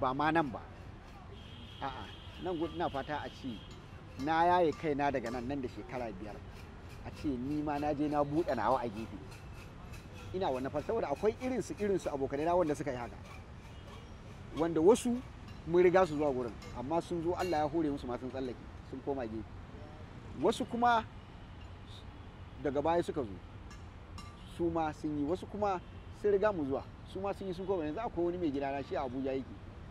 ba ma nan ba a'a nan gudu na fata a ce na yaye kaina daga nan nan da shekara biyar a ce ni ma na je na buɗe nawa a gefe ina wannan fata saboda akwai irinsu irinsu abokanai na wanda suka yi haka wanda wasu mun riga su zuwa gurin amma sun zo Allah ya hore musu ma sun tsallake sun koma gefe wasu kuma daga baya suka zo su ma sun yi wasu kuma sun riga mu zuwa su ma sun yi sun koma yanzu akwai wani mai gidana shi a Abuja yake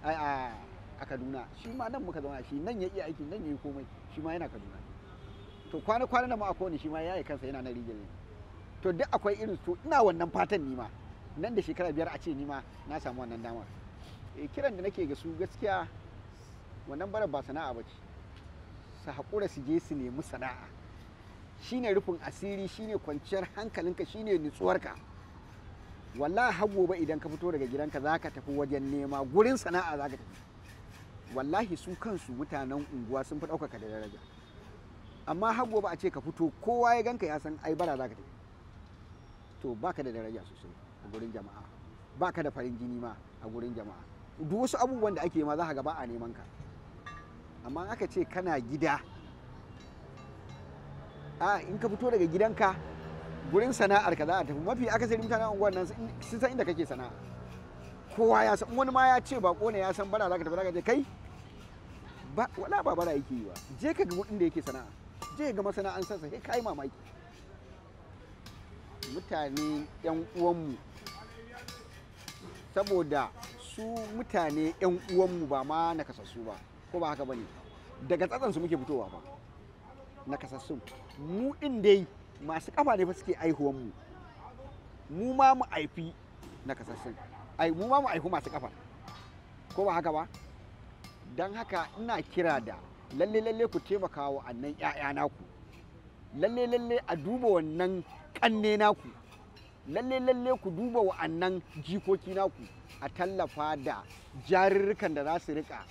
a kaduna shi ma nan muka zauna shi nan ya iya aiki nan ya yi komai shi ma yana kaduna to kwana kwana nan ma akwai wani shi ma ya yi kansa yana na rigil to duk akwai irin to ina wannan fatan ni ma nan da shekara biyar a ce ni ma na samu wannan damar eh, kiran da nake ga su gaskiya wannan bara ba sana'a ba ce su haƙura su je su nemi sana'a shine rufin asiri shine kwanciyar hankalinka shine nutsuwarka wallahi har gobe idan ka fito daga gidanka za ka tafi wajen nema gurin sana'a za ka tafi wallahi su kansu mutanen unguwa sun fi ɗaukaka da daraja amma har gobe a ce ka fito kowa ya ganka ya san ai bara za ka tafi to baka da daraja sosai a gurin jama'a baka da farin jini ma a gurin jama'a duk wasu abubuwan da ake ma za ka gaba a neman ka amma aka ce kana gida a in ka fito daga gidanka gurin sana'ar ka za a tafi mafi akasari mutanen unguwar nan sun san inda kake sana'a kowa ya san wani ma ya ce ba ne ya san bara za ka tafi za ka je kai ba wala ba bara yake yi ba je ka ga da yake sana'a je ga masana'antar sa sai kai mamaki mutane yan uwanmu saboda su mutane yan uwanmu ba ma na kasassu ba ko ba haka bane daga tsatsan su muke fitowa ba na kasassun mu din dai masu kafa ne fa suke aihuwan mu mu ma mu aifi na kasassun ai mu ma mu aihu masu kafa ko ba haka ba don haka ina kira da lalle lalle ku taimaka wa annan ƴaƴa naku lalle lalle a duba wannan kanne naku lalle lalle ku duba wa annan jikoki naku a tallafa da jaririkan da za su rika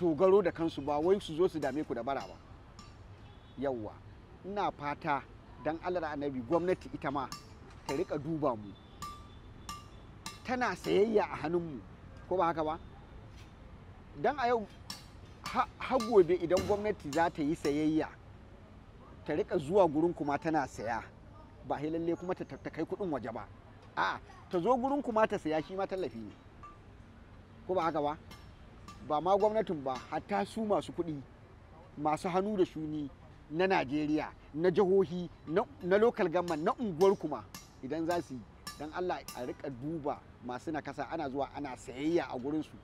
dogaro da kansu ba wai su zo su dame ku da bara ba yauwa ina fata dan allah da annabi gwamnati ita ma ta rika duba mu tana sayayya a hannunmu ko ba haka ba don a yau har gobe idan gwamnati za ta yi sayayya ta rika zuwa gurin kuma tana saya ba lalle kuma ta kai kudin waje ba a ta zo gurin kuma ta saya shi ma tallafi ne ko ba haka ba ba ma gwamnatin ba hatta su masu kuɗi masu hannu da shuni na najeriya na jihohi na local government na unguwar kuma idan za su yi don allah a rika duba masu na nakasa ana zuwa ana sayayya a gurinsu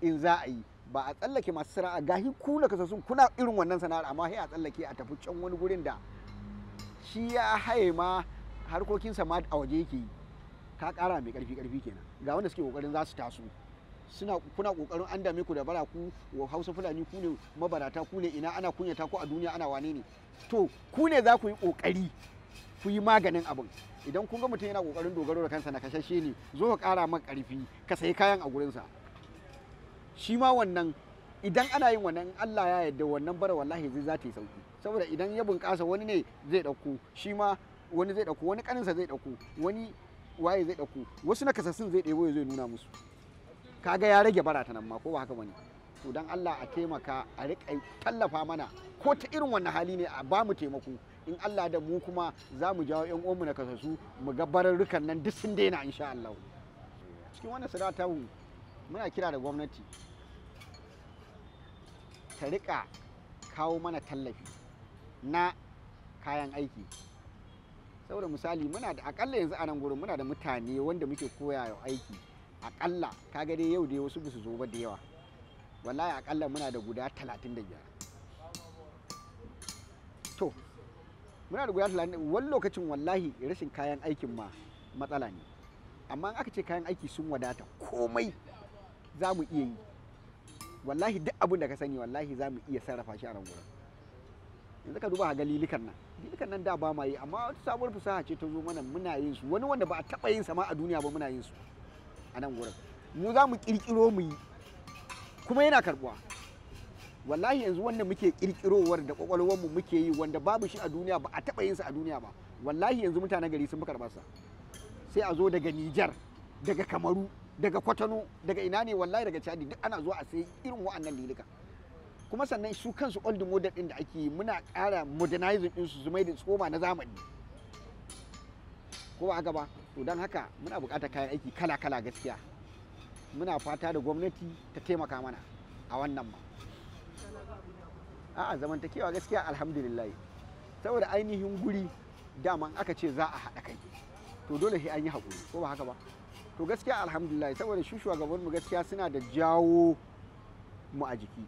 in za a yi ba a tsallake masu sana'a gahi ku kasa sun kuna irin wannan sana'ar amma sai a tsallake a tafi can wani gurin da shi ya haye ma harkokinsa ma a waje yake yi ka kara mai karfi karfi kenan ga wanda suke kokarin za su taso suna kuna kokarin an dame ku da bara ku hausa fulani ku ne mabarata ku ne ina ana kunyata ku a duniya ana wane ne to ku ne za ku yi kokari ku yi maganin abin idan kun ga mutum yana kokarin dogaro da kansa na kashashe ne zo ka kara man karfi ka sayi kayan a gurinsa shi ma wannan idan ana yin wannan Allah ya yarda wannan bara wallahi zai za ta yi sauki saboda idan ya bunkasa wani ne zai dauko shi ma wani zai dauko wani kaninsa zai dauko wani waye zai dauko wasu kasassun zai ɗebo ya zai nuna musu kaga ya rage bara nan ma ko ba haka bane to dan Allah a taimaka a riƙa tallafa mana ko ta irin wannan hali ne a ba mu taimako in Allah da mu kuma za mu jawo yan uwanmu na kasasu mu ga bararrukan nan duk sun daina insha Allah cikin wannan sadata muna kira da gwamnati ta rika kawo mana tallafi na kayan aiki saboda misali muna da akalla yanzu a nan gurin muna da mutane wanda muke koya aiki akalla kaga dai yau da wasu su zo ba da yawa wallahi akalla muna da guda 35 to muna da guda 35 wani lokacin wallahi rashin kayan aikin ma matsala ne amma aka ce kayan aiki sun wadata komai za mu iya yi wallahi duk abin da ka sani wallahi za mu iya sarrafa shi a nan gurin yanzu ka duba ga lilikan nan lilikan nan da ba ma yi amma wata sabuwar fasaha ce ta zo mana muna yin su wani wanda ba a taba yin sa ma a duniya ba muna yin su a nan wurin mu za mu kirkiro mu yi kuma yana karbuwa wallahi yanzu wanda muke kirkirowar da kwakwalwar mu muke yi wanda babu shi a duniya ba a taba yin sa a duniya ba wallahi yanzu mutanen gari sun fi karbar sa sai a zo daga Nijar daga Kamaru daga Kwatano daga ina ne wallahi daga Chadi duk ana zuwa a sai irin wa'annan lilika kuma sannan su kansu old model din da ake yi muna ƙara modernizing din su su da tsoma na zamani ko ba haka ba to don haka muna buƙatar kayan aiki kala-kala gaskiya muna fata da gwamnati ta taimaka mana a wannan ma a zamantakewa gaskiya alhamdulillah saboda ainihin guri daman aka ce za a haɗa kai to dole sai an yi haƙuri ko ba haka ba to gaskiya alhamdulillah saboda shi mu gaskiya suna da jawo mu a jiki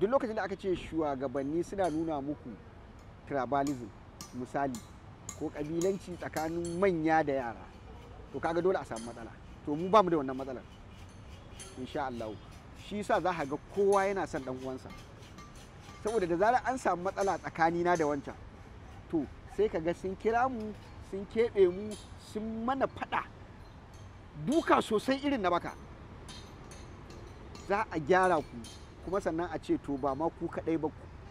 duk lokacin da aka ce shugabanni suna nuna muku tribalism misali ko kabilanci tsakanin manya da yara to kaga dole a samu matsala to mu ba mu da wannan matsalar insha Allah shi yasa za ka ga kowa yana son dan uwansa saboda da zarar an samu matsala tsakani na da wancan to sai ka ga sun kira mu sun keɓe mu sun mana faɗa duka sosai irin na baka za a gyara ku kuma sannan a ce to ba ma ku kaɗai ba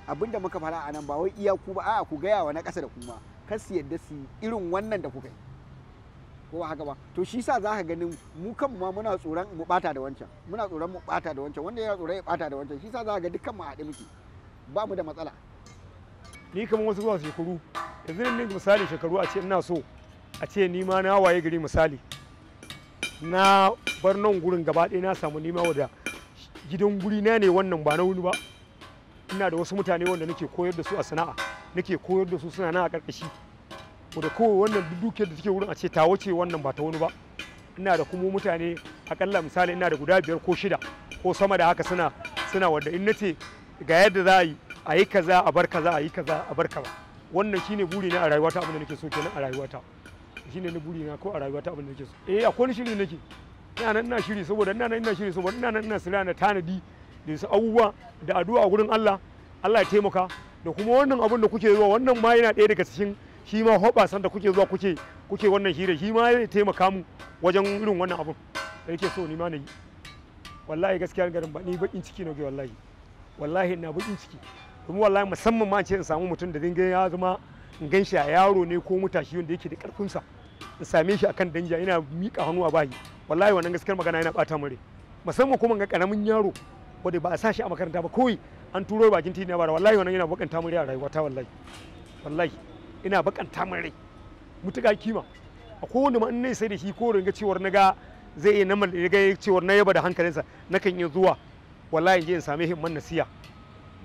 abinda muka fara a nan ba wai iya ku ba a'a ku gaya wa na ƙasa da kuma kasu yadda su irin wannan da kuka yi ko haka ba to shi sa za ka ganin mu kan ma muna tsoron mu bata da wancan muna tsoron mu bata da wancan wanda yana tsoron ya bata da wancan shi sa za ka ga dukkan mu haɗe muke ba mu da matsala ni kamar wasu zuwa shekaru yanzu ne misali shekaru a ce ina so a ce ni ma na waye gari misali na bar nan gurin gaba ɗaya na samu nima wada gidan guri na ne wannan ba na wuni ba ina da wasu mutane wanda nake koyar da su a sana'a nake koyar da su suna nan a karkashi da kowa wannan dukiyar da take wurin a ce ta wuce wannan ba ta wani ba ina da kuma mutane akalla misali ina da guda biyar ko shida ko sama da haka suna suna wanda in nace ga yadda za a yi a yi kaza a bar kaza a yi kaza a bar kaza wannan shine buri na a rayuwata abin da nake so kenan a rayuwata shine na buri na ko a rayuwata abin da nake so eh akwai shiri nake ina nan ina shiri saboda ina nan ina shiri saboda ina nan ina sirana na tanadi da su abubuwa da addu'a gurin Allah Allah ya taimaka da kuma wannan abun da kuke zuwa wannan ma yana ɗaya daga cikin shi ma hoɓasan da kuke zuwa kuke kuke wannan hira shi ma ya taimaka mu wajen irin wannan abun da yake so ni ma na yi wallahi gaskiya garin ba ni bakin ciki na ga wallahi wallahi ina bakin ciki kuma wallahi musamman ma ce in samu mutum da dinga ya zama in gan shi a yaro ne ko mutashi wanda yake da sa in same shi akan danja ina miƙa hannu a bayi wallahi wannan gaskiyar magana yana ɓata mare musamman kuma ga karamin yaro wanda ba a sa shi a makaranta ba kawai an turo bakin titi na bara wallahi wannan yana bakanta mun rai a ta wallahi wallahi ina bakanta mun rai mutuka kima a kowane ma in ne sai da shi ko ringa cewar na ga zai iya nan ga cewar na yaba da hankalinsa na kan iya zuwa wallahi je in same shi man nasiya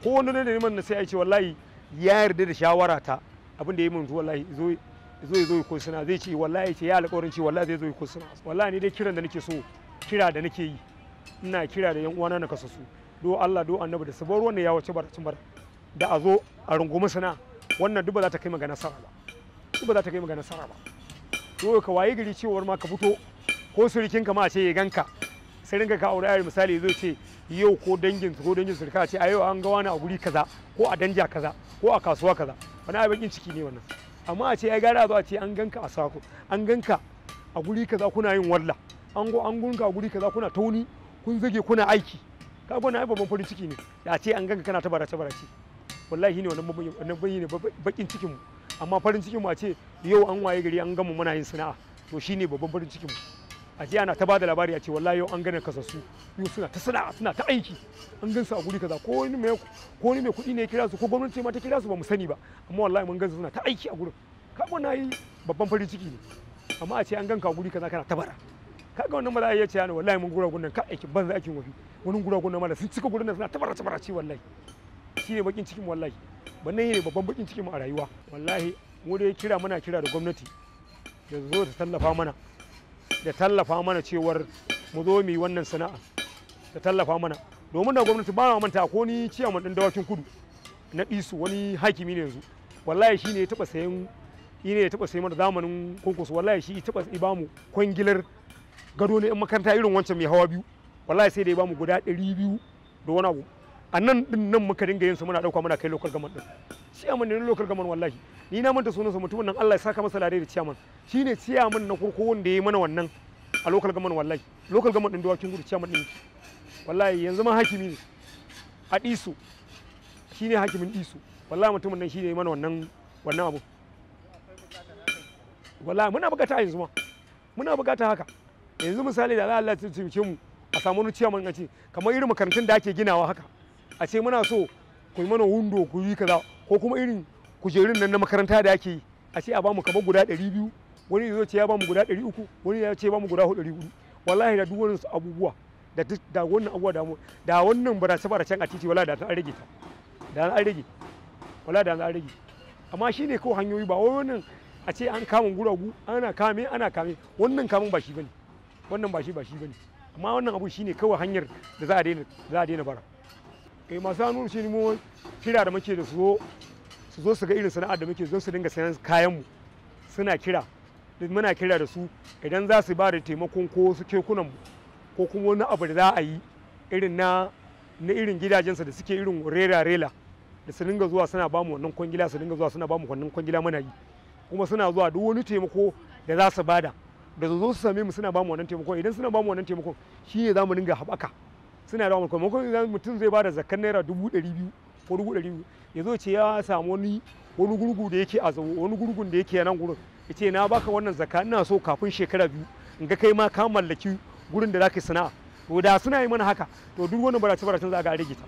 ko wani ne da man nasiya ya ce wallahi ya yarda da shawara ta abin da ya mun wallahi zo zo zo ko suna zai ce wallahi ce ya alƙawarin ce wallahi zai zo ko suna wallahi ne dai kiran da nake so kira da nake yi ina kira da yan uwana na kasasu do Allah do annabi da sabar wannan ya wace barcin bar da a zo a rungumi sana wannan duk ba za ta kai maga nasara ba duk ba za ta kai maga nasara ba to ka waye gari cewar ma ka fito ko surikin ka ma a ce ya ganka sai ringa ka aure ayar misali zai ce yau ko dangin ko dangin surka ce a yau an ga wani a guri kaza ko a danja kaza ko a kasuwa kaza wani abin bakin ciki ne wannan amma a ce ai gara zo a ce an ganka a sako an ganka a guri kaza kuna yin walla an go an gunka a guri kaza kuna tauni kun zage kuna aiki ka gona ai babban farin ciki ne da ce an ganka kana ta barace barace wallahi ne wannan wannan bayi ne bakin cikin mu amma farin cikin mu a ce yau an waye gari an gama muna yin sana'a to shine babban farin cikin mu a je ana ta bada labari a ce wallahi yau an gane kasassu yau suna ta sana'a suna ta aiki an gan su a guri kaza ko wani mai ko wani mai kuɗi ne ya kira su ko gwamnati ma ta kira su ba mu sani ba amma wallahi mun gan su suna ta aiki a gurin ka gona yi babban farin ciki ne amma a ce an ganka a guri kaza kana ta bara kaga wannan mala'i ya ce yana wallahi mun gura gunnan ka aiki banza aikin wafi wani gura gunnan mala sun cika gurin nan suna tabarace ci wallahi shi ne bakin cikin wallahi wannan ne babban bakin cikin mu a rayuwa wallahi mu dai kira muna kira da gwamnati da zo ta tallafa mana da tallafa mana cewar mu zo mu yi wannan sana'a ta tallafa mana domin da gwamnati ba manta ko ni ciyaman din dawakin kudu na ɗisu wani hakimi ne yanzu wallahi shi ne ya taɓa sayan shi ne ya taɓa sayan mana zamanin kunkusu wallahi shi taɓa ba mu kwangilar gado ne in makaranta irin wancan mai hawa biyu wallahi sai da ya mu guda ɗari biyu da wani abu a nan din nan muka dinga yin su muna ɗauka muna kai local gaman din ciyaman ne na local gaman wallahi ni na manta sa mutumin nan Allah ya saka masa lare da ciyaman shine ciyaman na kurko wanda ya yi mana wannan a local gaman wallahi local gaman din wakin gudu ciyaman din wallahi yanzu ma hakimi ne a ɗisu shine hakimin diso wallahi mutumin nan shine ya yi mana wannan wannan abu wallahi muna bukata yanzu ma muna bukata haka yanzu misali da Allah ta taimake mu a samu wani ciyaman a ce kamar irin makarantun da ake ginawa haka a ce muna so ku yi mana wundo ku yi kaza ko kuma irin kujerun nan na makaranta da ake yi a ce a bamu kamar guda ɗari biyu wani ya ce ya bamu guda ɗari uku wani ya ce ya bamu guda ɗari hudu wallahi da duk wani abubuwa da da wannan abubuwa da mu da wannan barace baracen a titi wallahi da an rage ta da an rage wallahi da an rage amma shine ko hanyoyi ba wannan a ce an kama guragu ana kame ana kame wannan kamun ba shi bane wannan ba shi ba shi bane amma wannan abu shine kawai hanyar da za a daina za a daina bara kai masu hannu shi mu kira da muke da su su zo su ga irin sana'ar da muke zo su dinga sayan kayan mu suna kira muna kira da su idan za su ba da taimakon ko su kekunan mu ko kuma wani abu da za a yi irin na na irin gidajensa da suke irin rera rela da su dinga zuwa suna bamu wannan kwangila su dinga zuwa suna bamu wannan kwangila muna yi kuma suna zuwa duk wani taimako da za su bada da zo su same mu suna ba mu wannan taimakon idan suna ba mu wannan taimakon shi ne za mu dinga haɓaka suna da amurka idan mutum zai ba da zakar naira dubu ɗari biyu ko dubu ɗari biyu ya zo ce ya samu wani wani gurgu da yake a zaune wani gurgun da yake a nan gurin ya ce na baka wannan zakka ina so kafin shekara biyu in ga kai ma ka mallaki gurin da zaka sana'a to da suna yi mana haka to duk wani barace baracen za ga a rage ta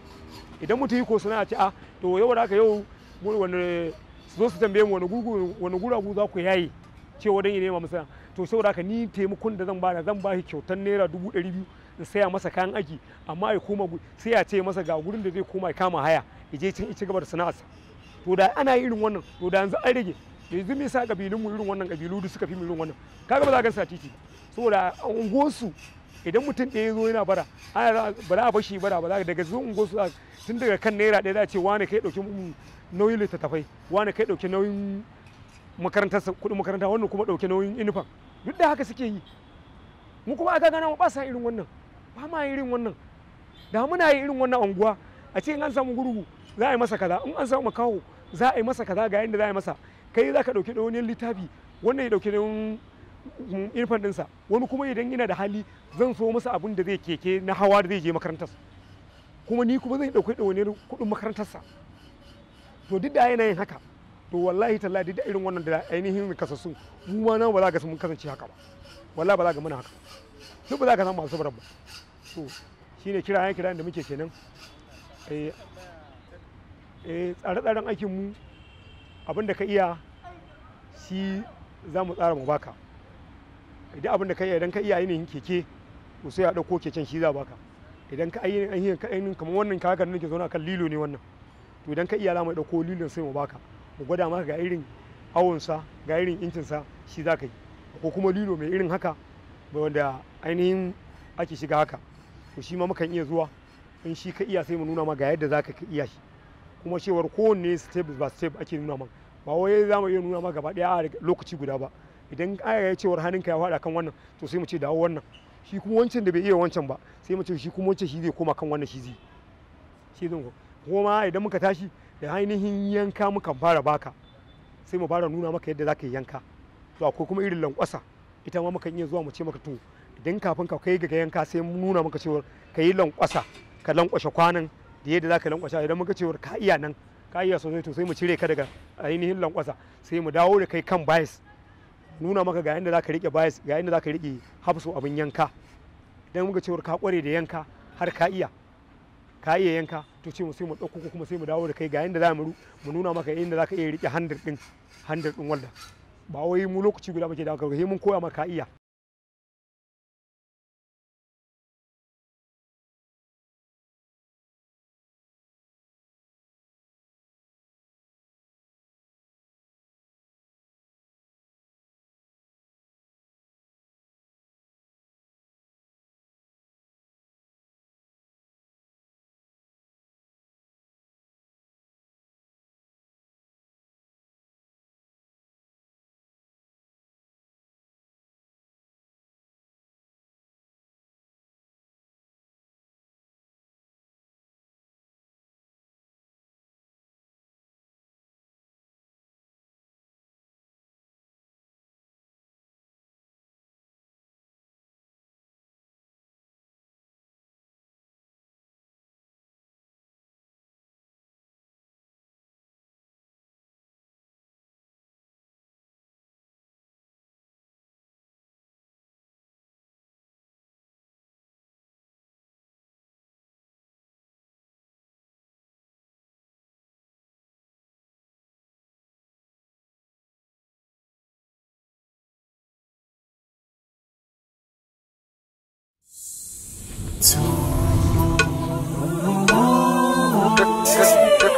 idan mutum yi ko sana'a ce a ah, to yau da haka yau wani zo su tambaye mu wani gurgu wani guragu za ku yaye cewa dan yi ma musana to saboda haka ni taimakon da zan bada zan bashi kyautar naira dubu ɗari biyu in saya masa kayan aiki amma ya koma sai ya ce masa ga gurin da zai koma ya kama haya ya je cin ci gaba da sana'arsa to da ana irin wannan to da yanzu an rage yanzu me yasa kabilun mu irin wannan kabilu duk suka fi mu irin wannan kaga ba za ka sa titi saboda unguwarsu idan mutum ɗaya zo yana bara ana ba za a bashi bara ba za daga zo unguwarsu tun daga kan naira ɗaya za a ce wane kai ɗauki nauyin littattafai wane kai ɗauki nauyin makarantarsa kuɗin makaranta wannan kuma ɗauke nauyin inifam duk da haka suke yi mu kuma aka gana mu ba sa irin wannan ba ma irin wannan da muna yi irin wannan unguwa a ce in an samu gurgu za a yi masa kaza in an samu makaho za a yi masa kaza ga yadda za a yi masa kai za ka ɗauki ɗaunin littafi wannan ya ɗauki ɗaunin mm, irfan ɗinsa wani kuma idan yana da hali zan so masa abin da zai keke na hawa da zai je makarantarsa kuma ni kuma zan ɗauki ɗaunin kuɗin makarantarsa to duk da yanayin haka to wallahi tallahi duk irin wannan da ainihin kasassu mu ma nan ba za ka mun kasance haka ba wallahi ba za ka mana haka duk ba za ka san masu sabrar ba to shine yan kira da muke kenan eh, eh tsare-tsaren aikin mu abin da ka iya shi za mu tsara mu baka idan abin da ka iya idan ka iya ainihin keke to sai a dauko keken shi za baka idan ka ainihin ainihin kamar wannan kakan nake zaune kan lilo ne wannan to idan ka iya za mu dauko lilo sai mu baka mu gwada maka ga irin awonsa ga irin incinsa shi za ka yi ko kuma lilo mai irin haka wanda ainihin ake shiga haka to shi ma mukan iya zuwa in shi ka iya sai mu nuna ma ga yadda za ka iya shi kuma cewar kowanne step ba step ake nuna ma ba wai za mu iya nuna ma gaba daya a lokaci guda ba idan aya ya cewar hannunka ya faɗa kan wannan to sai mu ce dawo wannan shi kuma wancan da bai iya wancan ba sai mu ce shi kuma wancan shi zai koma kan wannan shi zai shi zan kuma idan muka tashi da ainihin yanka mukan fara baka sai mu fara nuna maka yadda zaka yanka to akwai kuma irin lankwasa ita ma mukan iya zuwa mu ce maka to idan kafin ka kai ga yanka sai mu nuna maka cewa ka yi lankwasa ka lankwashe kwanan da yadda zaka lankwasha idan muka cewa ka iya nan ka iya sosai to sai mu cire ka daga ainihin lankwasa sai mu dawo da kai kan bias nuna maka ga yadda zaka rike bias ga yadda zaka rike hafsu abin yanka idan muka cewa ka kware da yanka har ka iya ka iya yanka to ce mu sai mu ɗauko ko kuma sai mu dawo da kai ga yanda za mu mu nuna maka yanda za ka iya riƙe handar ɗin handar ɗin walda ba wai mu lokaci guda muke da ka mun koya maka iya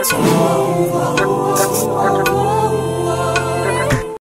その